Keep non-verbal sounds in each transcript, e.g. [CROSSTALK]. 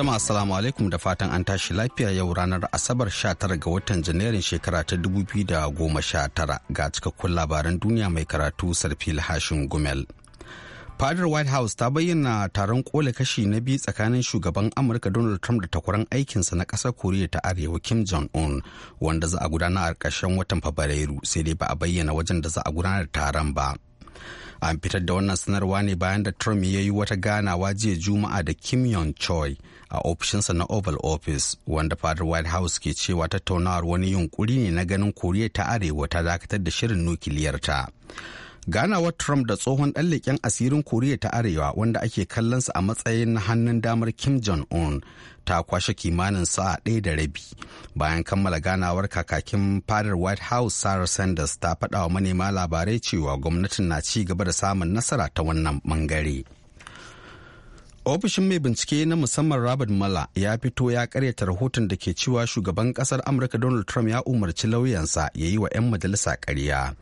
Jama'a assalamu alaikum da fatan an tashi lafiya yau ranar Asabar 19 ga watan Janairun shekara ta 2019 ga cikakkun labaran duniya mai karatu Sarfil Hashin Gumel. Fadar White House ta bayyana taron kola kashi na biyu tsakanin shugaban Amurka Donald Trump da takwaran aikinsa na kasar Koriya ta Arewa Kim Jong-un wanda za a gudana a ƙarshen watan Fabrairu sai dai ba a bayyana wajen da za a gudanar taron ba. an fitar da wannan sanarwa ne bayan da trump ya yi wata ganawa jiya juma'a da kim yong choi a ofishinsa na oval office wanda fadar white house ke cewa tattaunawar wani yunkuri ne na ganin koriya ta arewa ta dakatar da shirin nukiliyarta ganawar trump da tsohon ɗan leken asirin koriya ta arewa wanda ake kallonsa a matsayin hannun damar kim jong-un ta kwashe kimanin sa'a ɗaya da rabi bayan kammala ganawar kakakin fadar white house sarah sanders ta faɗa wa manema labarai cewa gwamnatin na ci gaba da samun nasara ta wannan ɓangare. ofishin mai bincike na musamman robert Mueller ya fito ya karyata rahoton da ke cewa shugaban kasar amurka donald trump ya umarci lauyansa ya yi wa 'yan majalisa karya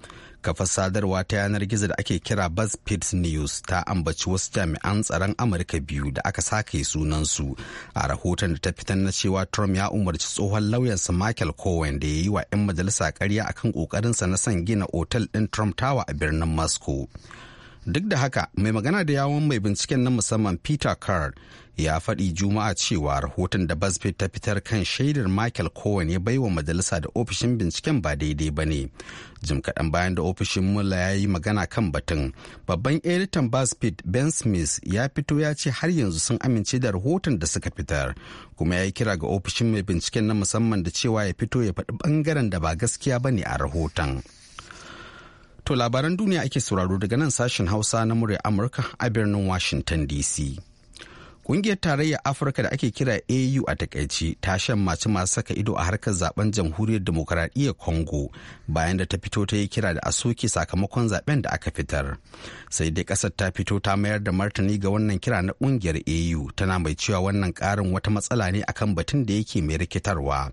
kafar sadarwa ta yanar gizo da ake kira buzzfeed news ta ambaci wasu jami'an tsaron amurka biyu da aka sake sunansu a rahoton da ta fitar na cewa trump ya umarci tsohon lauyansa michael cohen da ya yi wa 'yan majalisa karya akan kokarinsa na son gina otal ɗin trump tower a birnin moscow duk da haka mai magana da yawon mai binciken na musamman peter card ya faɗi juma'a cewa rahoton da buzzfeed ta fitar kan shaidar michael cohen ya baiwa majalisa da ofishin binciken ba daidai ba ne jim kaɗan bayan da ofishin mula ya yi magana kan batun babban editan buzzfeed ben smith ya fito ya ce har yanzu sun amince da rahoton da suka fitar kuma ya yi kira ga ofishin mai binciken na musamman da cewa ya fito ya faɗi ɓangaren da ba gaskiya ba ne a rahoton. To labaran duniya ake sauraro daga nan sashen Hausa na murya Amurka a birnin Washington DC. Kungiyar tarayyar Afirka da ake kira AU a takaici ta shan masu masu saka ido a harkar zaben jamhuriyar demokuraɗiyyar Congo bayan da ta fito ta yi kira da a soke sakamakon zaben da aka fitar. Sai dai ƙasar ta fito ta mayar da martani ga wannan kira na kungiyar AU tana mai cewa wannan ƙarin wata matsala ne akan batun da yake mai rikitarwa.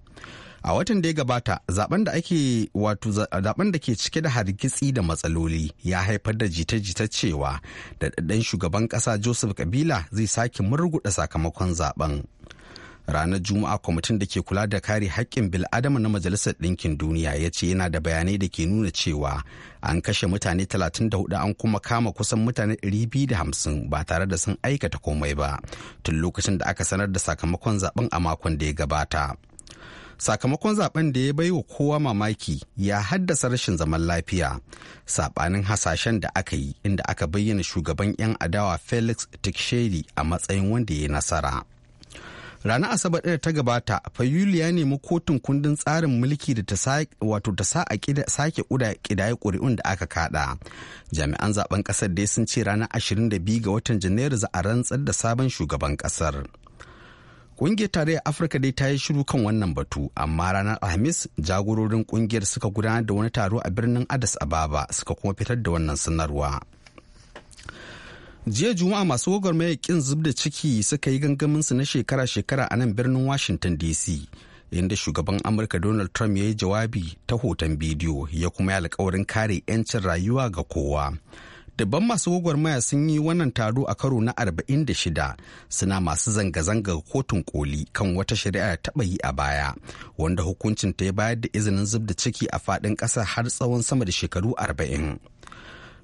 a watan da ya gabata zaben da ake wato zaben da ke cike da hargitsi da matsaloli ya haifar da jita-jita cewa da daɗaɗɗen shugaban ƙasa joseph kabila zai sake murguɗa sakamakon zaben ranar juma'a kwamitin da ke kula da kare haƙƙin bil'adama na majalisar ɗinkin duniya ya ce yana da bayanai da ke nuna cewa an kashe mutane 34 an kuma kama kusan mutane 250 ba tare da sun aikata komai ba tun lokacin da aka sanar da sakamakon zaben a makon da ya gabata sakamakon zaben da ya bai wa kowa mamaki ya haddasa rashin zaman lafiya sabanin hasashen da aka yi inda aka bayyana shugaban 'yan adawa felix tikshedi a matsayin wanda ya nasara ranar asabar ɗaya ta gabata fayulu ya nemi kotun kundin tsarin mulki da ta wato ta sa a sake kidaye ƙuri'un da aka kada jami'an zaben ƙasar dai sun ce ranar 22 ga watan janairu za a rantsar da sabon shugaban ƙasar. Ƙungiyar tarayyar Afirka dai ta yi shiru kan wannan batu, amma ranar Alhamis jagororin ƙungiyar suka gudanar da wani taro a birnin Addis Ababa suka kuma fitar da wannan sanarwa. jiya juma'a masu gwagwarmaya kin zub da ciki suka yi gangaminsu na shekara-shekara a nan birnin washington dc inda shugaban amurka donald trump ya yi jawabi ta hoton bidiyo ya kuma yi alkawarin kare 'yancin rayuwa ga kowa Dubban masu gwagwarmaya sun yi wannan taro a karo na 46 suna masu zanga-zanga kotun koli kan wata shari'a taba yi a baya wanda hukuncin ta ya bayar da izinin zub da ciki a faɗin ƙasa har tsawon sama da shekaru 40.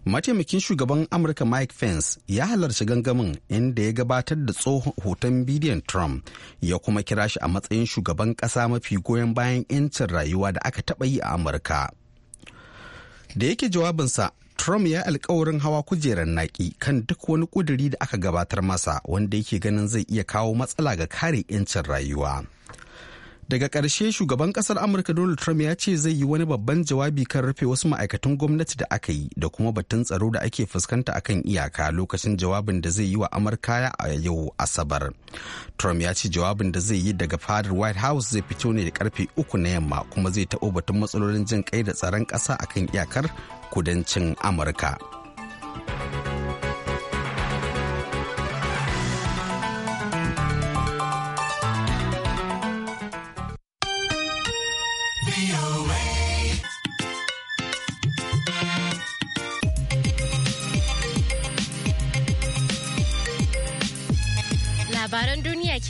mataimakin shugaban amurka mike pence ya halarci gangamin inda ya gabatar da tsohon hoton bidiyon trump ya kuma kira shi a matsayin shugaban kasa mafi goyon bayan 'yancin rayuwa da aka taɓa yi a amurka da yake jawabinsa Trump ya alkawarin hawa kujerar naki kan duk wani kuduri da aka gabatar masa wanda yake ganin zai iya kawo matsala ga kare 'yancin rayuwa. daga ƙarshe shugaban ƙasar amurka donald trump ya ce zai yi wani babban jawabi kan rufe wasu ma'aikatan gwamnati da aka yi da kuma batun tsaro da ake fuskanta akan iyaka lokacin jawabin da zai yi wa amurkaya a yau asabar trump ya ce jawabin da zai yi daga fadar white house zai fito ne da karfe uku na yamma kuma zai taɓo batun matsalolin jin kai da tsaron ƙasa akan iyakar kudancin amurka.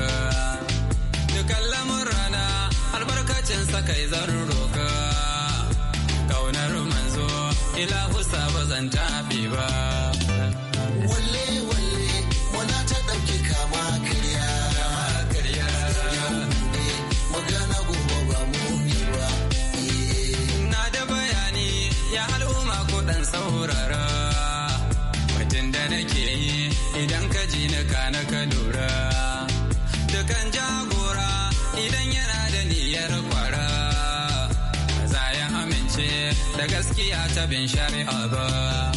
uh, ta bin shari'a ba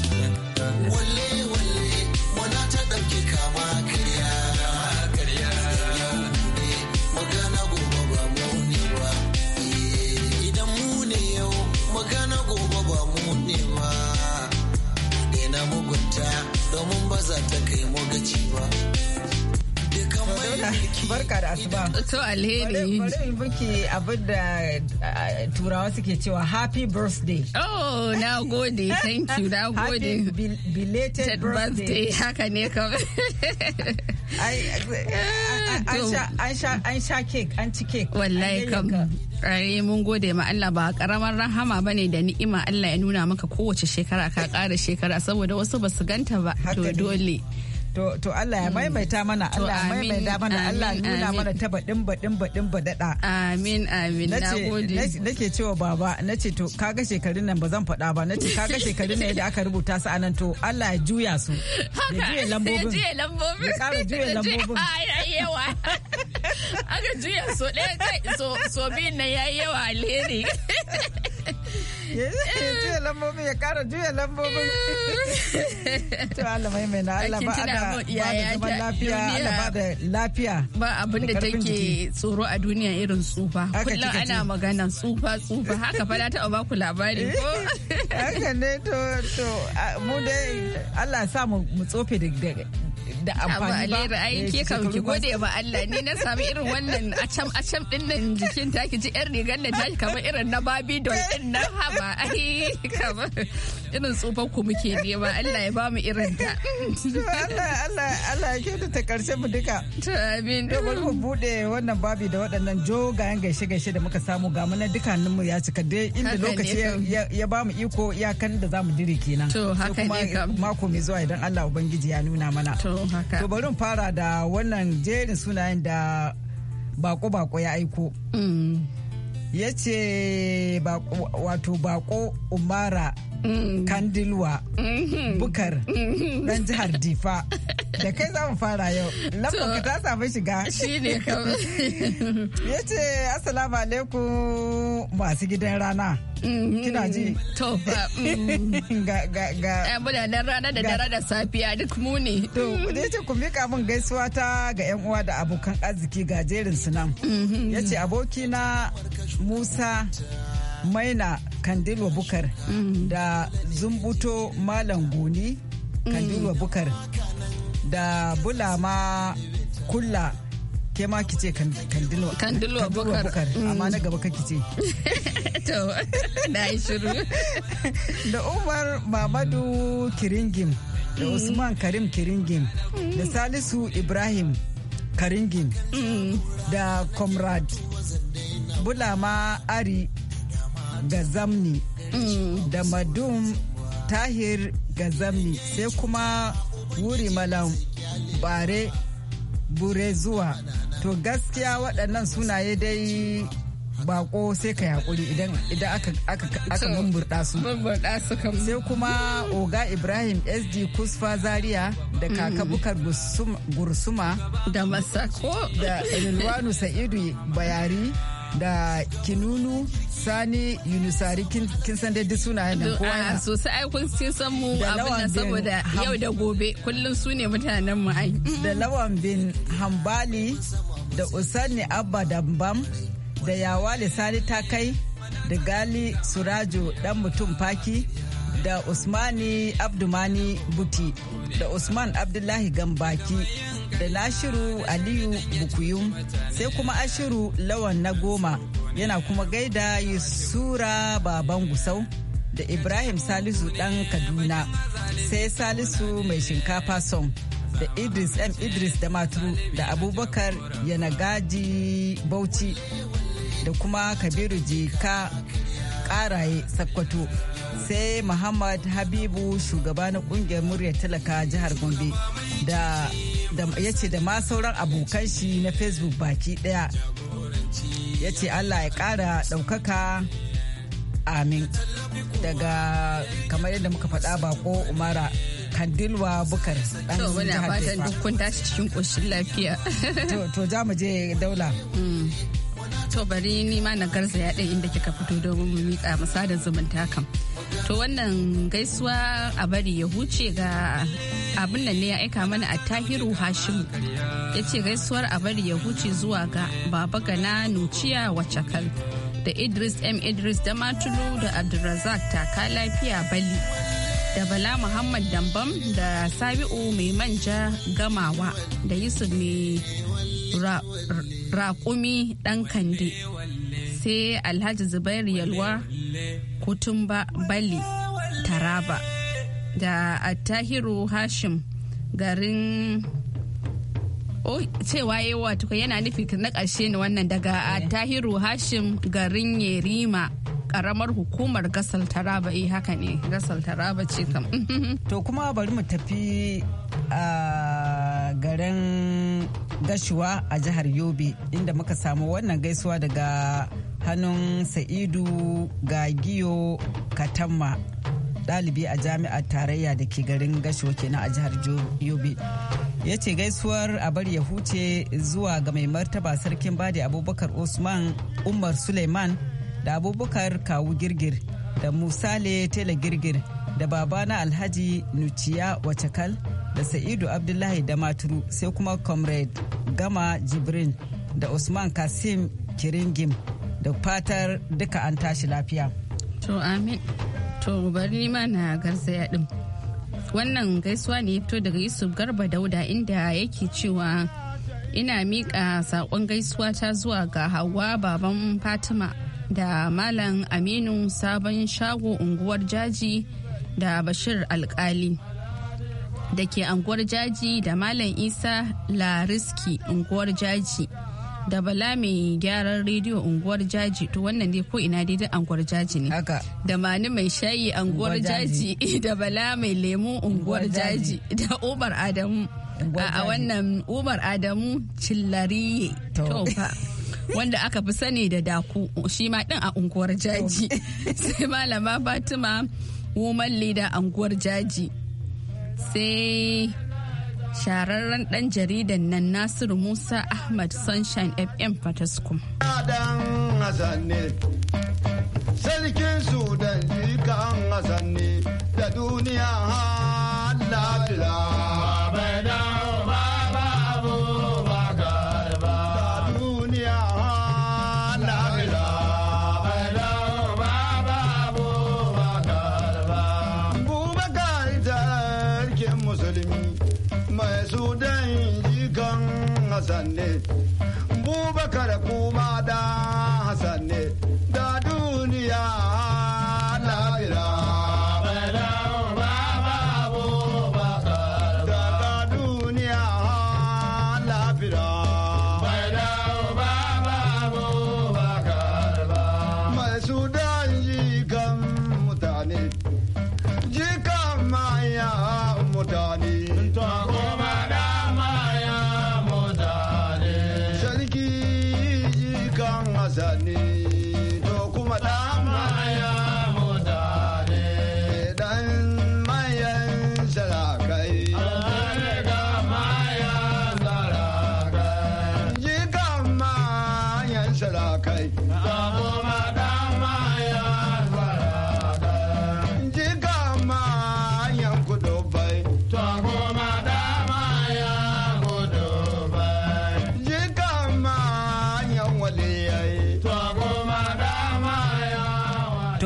Barka da asuba. To alheri. Bari in abin da turawa suke cewa happy birthday. Oh, na gode. Thank you. Na gode. belated birthday. Haka ne kawai. An sha cake, an ci cake. Wallahi kam. Ai mun gode ma Allah ba karamar rahama bane da ni'ima Allah ya nuna maka kowace shekara ka kara shekara saboda wasu ba su ganta ba. To dole. To, to Allah ya maimaita mana, Allah ya maimaita mana, Allah ya nuna mana ta baɗin baɗin baɗin baɗaɗa. Amin, amin, na gode. Nake cewa baba, na ce to kaga shekarun nan ba zan faɗa ba, na ce kaga shekarun nan yadda aka rubuta su anan to Allah ya juya su. Haka, ya juya lambobin. Ya juya lambobin. Ya ƙara juya [LAUGHS] lambobin. Ah, yawa. [LAUGHS] Aka juya so ɗaya so biyun nan ya yi yawa alheri. [LAUGHS] Eh. [LAUGHS] juya lambobin ya kara juya lambobin eh. to Allah mai mai na Allah ba da zaman lafiya Allah ba da lafiya ba abin da take tsoro a duniya irin tsufa kullum ana magana tsufa tsufa haka fa na taɓa ba ku labari ko eh, haka ne to to mu dai Allah sa mu tsofe da da amfani ba alera ai eh, ke kan ki gode ba Allah ni na sami irin wannan a cam a cam din nan jikin ta ki ji yar rigar da ta kamar irin na babi don din nan haba ai kamar irin tsufan ku muke ba Allah ya ba mu irin ta Allah Allah Allah ya kyauta ta karshe mu duka to amin da mu bude wannan babi da waɗannan jogayen gaishe gaishe da muka samu ga mu na dukkanin mu ya cika dai inda lokaci ya ba mu iko iyakan da zamu dire kenan to haka ne kuma mako mai zuwa idan Allah ubangiji ya nuna mana to To bari fara da wannan jerin sunayen da bako-bako ya aiko. Mm. Ya ce wato bako Umara mm. Kandilwa mm-hmm. Bukar mm-hmm. ɗan jihar Difa [LAUGHS] da kai za mu fara yau lambar ka ta samu shiga shi ne kawai ya ce assalamu alaikum masu gidan rana mm-hmm. kina ji to ba mm. [LAUGHS] ga ga eh, munanan rana da dare da safiya duk mu ne to ya ce ku mika min gaisuwa ta ga yan uwa da abokan arziki ga jerin su nan mm-hmm. ya ce abokina musa maina kandilwa bukar mm-hmm. da zumbuto malam goni kandilwa bukar da bulama kulla ke ma kice kandilwa kandilwa bukar mm. amma na gaba kake ce [LAUGHS] to na yi shiru [LAUGHS] da umar mamadu kiringim da mm. usman karim kiringim mm. da salisu ibrahim Kiringim. da comrade bulama ari gazamni da madum tahir gazamni sai kuma wuri malam bare bure zuwa to gaskiya waɗannan sunaye dai bako sai ka yakuri idan aka mamburɗa su sai kuma oga ibrahim sd kusfa zaria da mm. kaka bukar gursuma da masako da ilwanu sa'idu bayari da kinunu sani yunusari kin san dai sunayen nan ah, ana so sai ai kun san mu abin saboda yau da gobe kullum su mutanen mu ai da lawan bin hambali da usanni abba dambam da yawali sani kai da gali surajo dan mutum faki da usmani abdumani buti da usman abdullahi gambaki da Lashiru Aliyu Bukuyu sai kuma Ashiru Lawan na goma yana kuma gaida Yusura Baban Gusau da Ibrahim Salisu ɗan Kaduna sai Salisu mai shinkafa son da Idris M Idris da Maturu da Abubakar Yanagaji Bauchi da kuma Kabiru Jika Karaye Sakkwato. sai Muhammad Habibu shugaba na kungiyar murya talaka jihar Gombe da ya ce da ma sauran abokan shi na facebook baki daya ya ce allah ya kara daukaka amin daga kamar yadda muka faɗa bako umara kandilwa bukar dan to muna fatan duk kun cikin koshin lafiya [LAUGHS] to za mu daula mm. to bari ni ma na ya ɗaya inda kika fito domin mu miƙa da zumunta kam to wannan gaisuwa a bari ya huce ga abin nan ne ya aika mana a tahiru hashimu ya ce gaisuwar a bari ya huce zuwa ga baba gana nuciya wacakal da idris m idris da matulu da abdulrazak taka lafiya bali da bala muhammad dambam da sabi'u mai manja gamawa da yusuf mai raƙumi ɗan kande sai alhaji zubairu yalwa kutumba bali taraba da attahiru hashim garin cewa yi tuka yana nufi na ƙarshe ne wannan daga eh. attahiru hashim garin yerima karamar hukumar gasar taraba eh haka ne gasar taraba ce kam [LAUGHS] to kuma bari mu tafi a garin gashuwa a jihar yobe inda muka samu wannan gaisuwa daga hannun sa'idu gagiyo katamma Dalibi a jami'ar tarayya da ke garin gasho kenan a jihar yobe ya ce gaisuwar a bar ya huce zuwa ga mai martaba sarkin badi abubakar usman umar suleiman da abubakar kawu girgir da musale tela girgir da babana alhaji nuciya wacakal da sa'idu abdullahi da Maturu sai kuma comrade gama jibrin da usman kasim kiringim da fatar duka an tashi lafiya to amin to bari nima na garzaya din wannan gaisuwa ne ya fito daga yusuf garba dauda inda yake cewa ina miƙa sakon gaisuwa ta zuwa ga hawa baban fatima da malam aminu sabon shago unguwar jaji da bashir alkali da ke anguwar jaji da malam isa lariski unguwar jaji da bala mai gyaran rediyo unguwar jaji to wannan dai ko ina daidai unguwar jaji ne da mani mai shayi unguwar jaji [LAUGHS] da bala mai lemu unguwar jaji da umar adamu a wannan umar adamu cillariye to fa wanda aka fi sani da daku shi ma din a unguwar jaji [LAUGHS] sai malama fatima woman leader unguwar jaji sai shararren dan jaridan nan nasiru musa ahmad sunshine fm fataskum sarkin sudan jikan da duniya halabila hassan ne bubakar kuma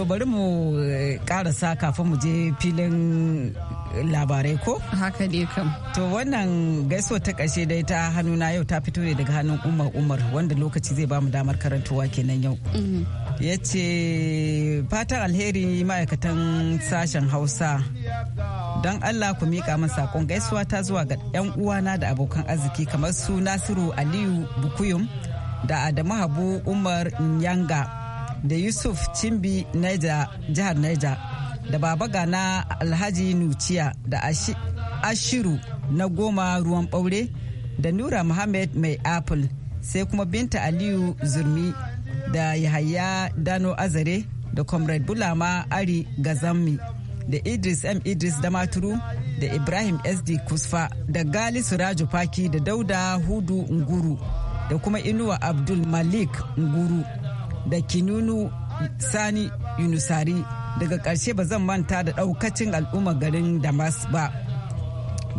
bari mu eh, karasa kafin mu je filin labarai ko? Haka ne kam. To wannan gaiso ta ƙarshe dai ta hannuna yau ta fito ne daga hannun Umar Umar wanda lokaci zai ba mu damar karantuwa kenan yau. Mm-hmm. Ya ce fatan alheri ma'aikatan sashen Hausa. Don Allah ku miƙa min saƙon gaisuwa ta zuwa ga 'yan uwana da abokan arziki kamar su Nasiru Aliyu Bukuyum da Adamu Habu Umar Nyanga. da yusuf cimbi naija jihar naija da baba gana alhaji nuciya da ashiru na goma ruwan ɓaure da nura muhammad mai apple sai kuma binta aliyu zurmi da yahaya dano azare da comrade bulama ari gazammi da idris m idris damaturu da ibrahim sd kusfa da gali suraju faki da dauda hudu nguru da kuma inuwa abdul malik nguru da kinunu sani yunusari daga ƙarshe ba zan manta da ɗaukacin al'ummar garin damas ba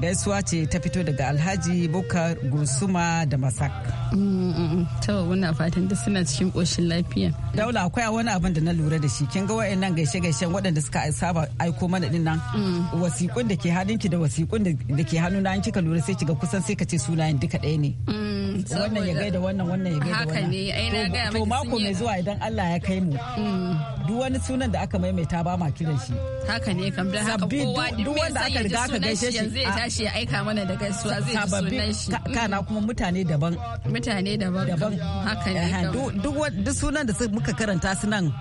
gaisuwa ce ta fito daga alhaji bukar gursuma da masak mm, mm, mm. to muna fatan da suna cikin ƙoshin lafiya daula akwai wani abin da na lura da shi kin ga wayannan gaishe gaishen waɗanda suka saba aiko mana din nan mm. wasiƙun da ke ki da wasiƙun da ke hannu na kika lura sai kiga kusan sai ka ce sunayen duka ɗaya ne mm, wannan ya gaida wannan wannan ya gaida wannan to mako mai zuwa idan Allah ya kai mu mm. duk wani sunan da aka maimaita ba ma kiran shi haka ne kam da haka kowa duk wanda aka riga aka gaishe shi ya tashi ya aika mana da gaisuwa zai ji sunan shi kana kuma mutane daban mutane daban daban haka ne duk duk sunan da suka aka karanta su nan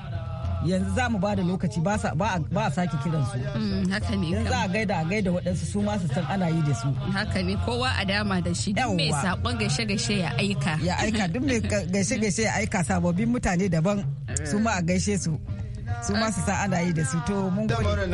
yanzu za mu ba da lokaci ba a sake kiran su. Mm, haka ne. Yanzu za a gaida a gaida waɗansu su ma su san ana yi da su. Haka ne kowa a dama da shi duk mai saƙon gaishe-gaishe ya aika. Ya aika duk mai gaishe-gaishe ya aika sababbin mutane daban su ma a gaishe su. Su ma su san ana yi da su to mun gode.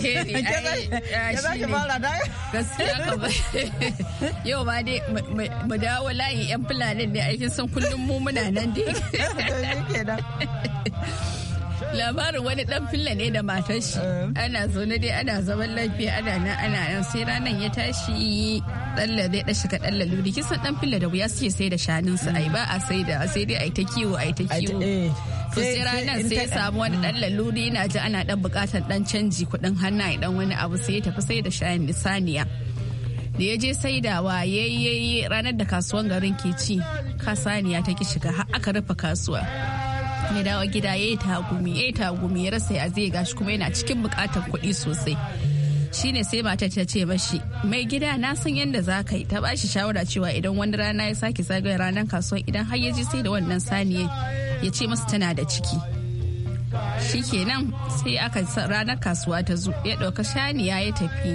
[LAUGHS] yau ma dai mu dawo layin yan fulani ne aikin san kullum mu muna nan dai [LAUGHS] [LAUGHS] labarin wani dan filla ne da matar shi eh. ana zaune dai ana zaman lafiya ana nan ana yan sai ranar ya tashi dalla zai dashi shiga dalla luri kin san dan filla da wuya suke sai da shanun su ai ba a sai da sai dai ai ta kiwo ai ta kiwo eh. to sai ranar sai ya samu wani dan laluri ina ji ana dan bukatar dan canji kudin hannaye dan wani abu sai ya tafi sai da shayin saniya da ya je saidawa yayyayi ranar da kasuwan garin ke ci kasaniya ta ki shiga har aka rufe kasuwa ya dawo gida ya yi tagumi ya yi tagumi ya rasa ya zai gashi kuma yana cikin bukatar kuɗi sosai Shi ne sai matar ta ce mashi mai gida na san yadda za ka yi ta bashi shawara cewa idan wani rana ya sake zagaya ranar kasuwa idan har ya ji sai da wannan saniya ya ce masa tana da ciki shikenan sai aka ranar kasuwa ta zo ya ɗauka shaniya ya tafi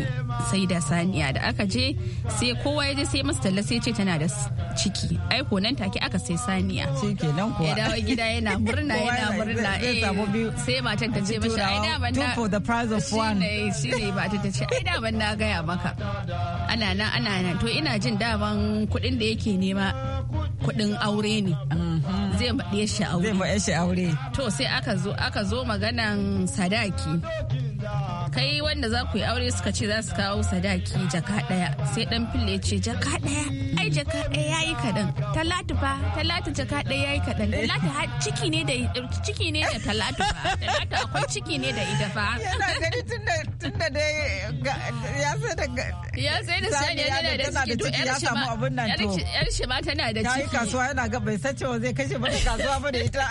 sai da saniya da aka je sai kowa ya je sai masu talla sai ce tana da ciki aiko nan take aka sai saniya shikenan kuwa ya dawo gida yana murna yana murna eh, sai matan ta ce mashi ai daman na for the price of one shi ne matan ta ce ai daman na gaya maka ana nan ana nan to ina jin daman kuɗin da yake nema kuɗin aure ne mm. zai maɗe shi aure. To sai aka zo maganan sadaki. kai wanda za ku yi aure suka ce za su kawo sadaki jaka daya sai dan fille ce jaka daya ai jaka daya yayi kadan talatu fa talatu jaka daya yayi kadan talatu har ciki ne da ciki ne da talatu fa talatu akwai ciki ne da ita fa yana gani tunda tunda dai ya sai da ya sai da sai da ciki to yar shi ma abun nan to yar shi ma tana da ciki yayi kasuwa yana ga bai sace wa zai kashe mata kasuwa ba da ita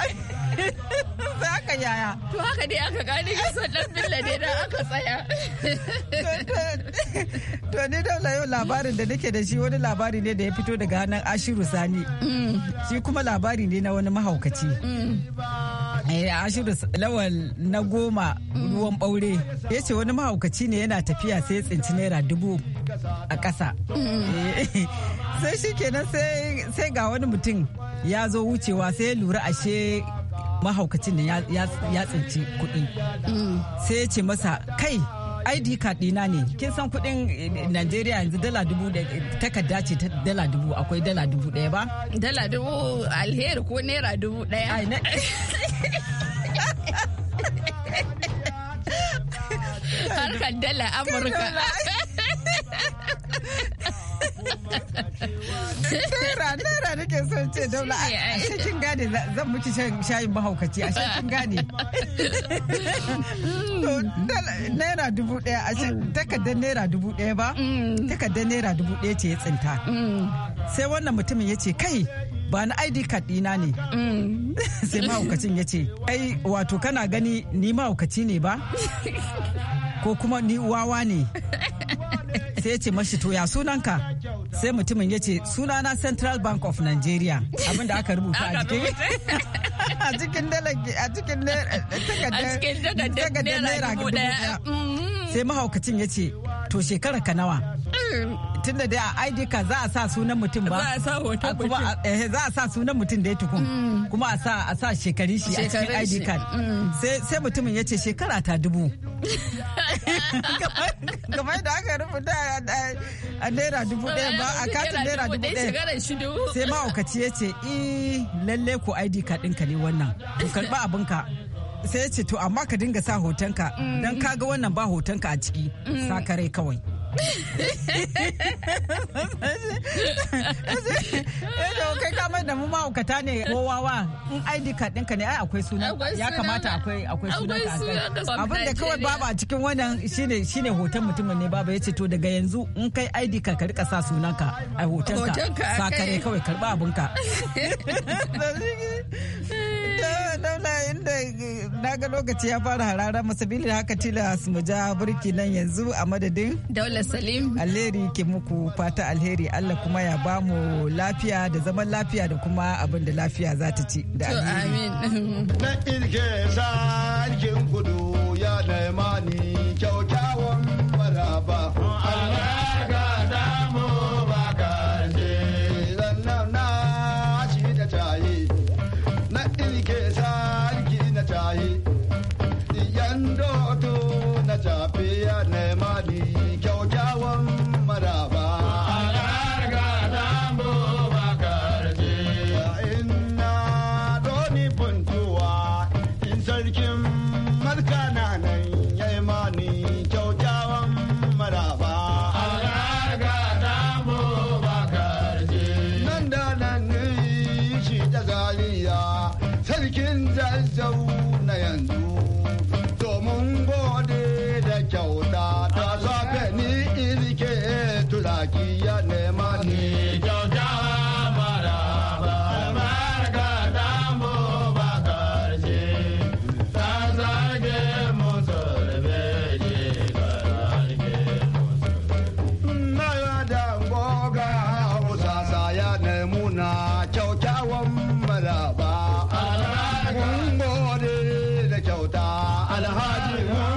za yaya to haka dai aka gane kisan dan billa ne dan aka tsaya to ni daula yau labarin da nake da shi wani labari ne da ya fito daga hannun ashiru sani shi kuma labari ne na wani mahaukaci eh, ashiru lawal na goma ruwan ɓaure ya ce wani mahaukaci ne yana tafiya sai tsinci naira dubu a ƙasa eh, [LAUGHS] sai shi kenan sai ga wani mutum ya zo wucewa sai ya lura ashe mahaukacin ya tsinci kuɗi sai ya ce masa kai ID card ɗina ne kin san kuɗin eh, Najeriya yanzu dala dubu da takarda ce ta dala dubu akwai dala dubu ɗaya ba? Dala dubu alheri ko naira dubu ɗaya. [LAUGHS] Harkar dala Amurka. Naira, naira nake son ce daula a cikin gane zan muke shayin mahaukaci a cikin gane. Naira dubu daya a takardar naira dubu daya ba? Mm. Takardar naira dubu daya ce ya tsinta. Mm. Sai wannan mutumin ya ce kai ba na ID card ɗina ne. Mm. [LAUGHS] Sai mahaukacin ya ce, ai wato kana gani ni mahaukaci ne ba? [LAUGHS] Ko kuma ni wawa ne? [LAUGHS] Sai ya ce mashi to ya sunanka? sai mutumin ya ce sunana central bank of nigeria abin da aka rubuta a jikin [LAUGHS] a cikin a cikin takardar naira mm-hmm. sai mahaukacin ya ce to shekara ka nawa tun da dai a ID card za a sa sunan mutum ba. Za a sa hoton mutum. Eh, za a sa sunan mutum dai tukun. Mm. Kuma a sa a sa shekarun shi a cikin ID card. Mm. Sai mutumin ya ce shekara ta dubu. [LAUGHS] Kamar da aka rubuta a naira dubu ɗaya ba a katin naira dubu ɗaya. Sai ma'aukaci ya ce i lalle ko ID card ɗinka ne wannan. Ku karɓa abinka. sai ya ce to amma ka dinga sa hotonka mm. don kaga wannan ba hotonka a ciki sakarai kawai kai kamar da mu ma'aukata ne wa in ID card ɗinka ne ai akwai suna ya kamata akwai akwai suna abin da kawai baba a cikin wannan shine shine hoton mutumin ne baba yace to daga yanzu in kai ID card ka rika sa sunanka a hoton ka sa kare kawai karba abinka. [LAUGHS] [LAUGHS] [LAUGHS] Daula inda na ga lokaci ya fara harara masabili da haka su mu ja burki nan yanzu a madadin daula salim alheri ke muku fata alheri allah kuma ya ba mu lafiya da zaman lafiya da kuma abin da lafiya za ta ci da amin na sarkin kudu Lord, you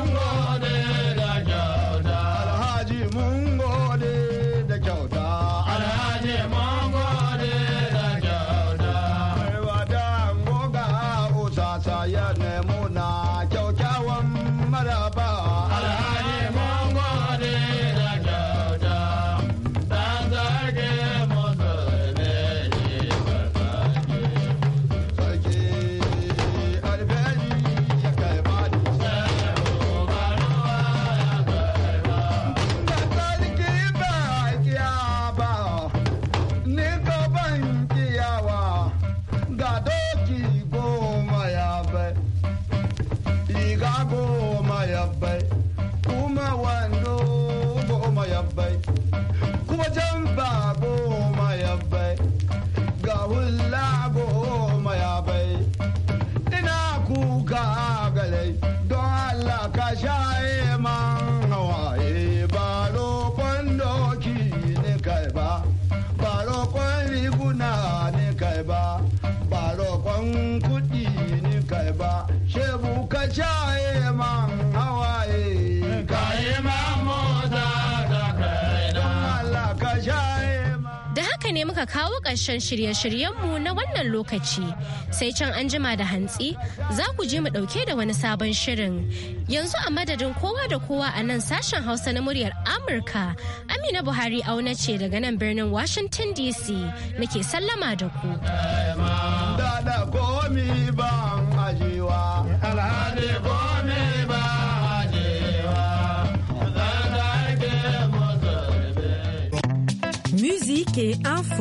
muka kawo ƙarshen shirye shiryen mu na wannan lokaci sai can an jima da hantsi za ku je mu ɗauke da wani sabon shirin yanzu a madadin kowa da kowa a nan sashen hausa na muryar amurka amina buhari auna ce daga nan birnin washington dc nake sallama da ku Musique et info.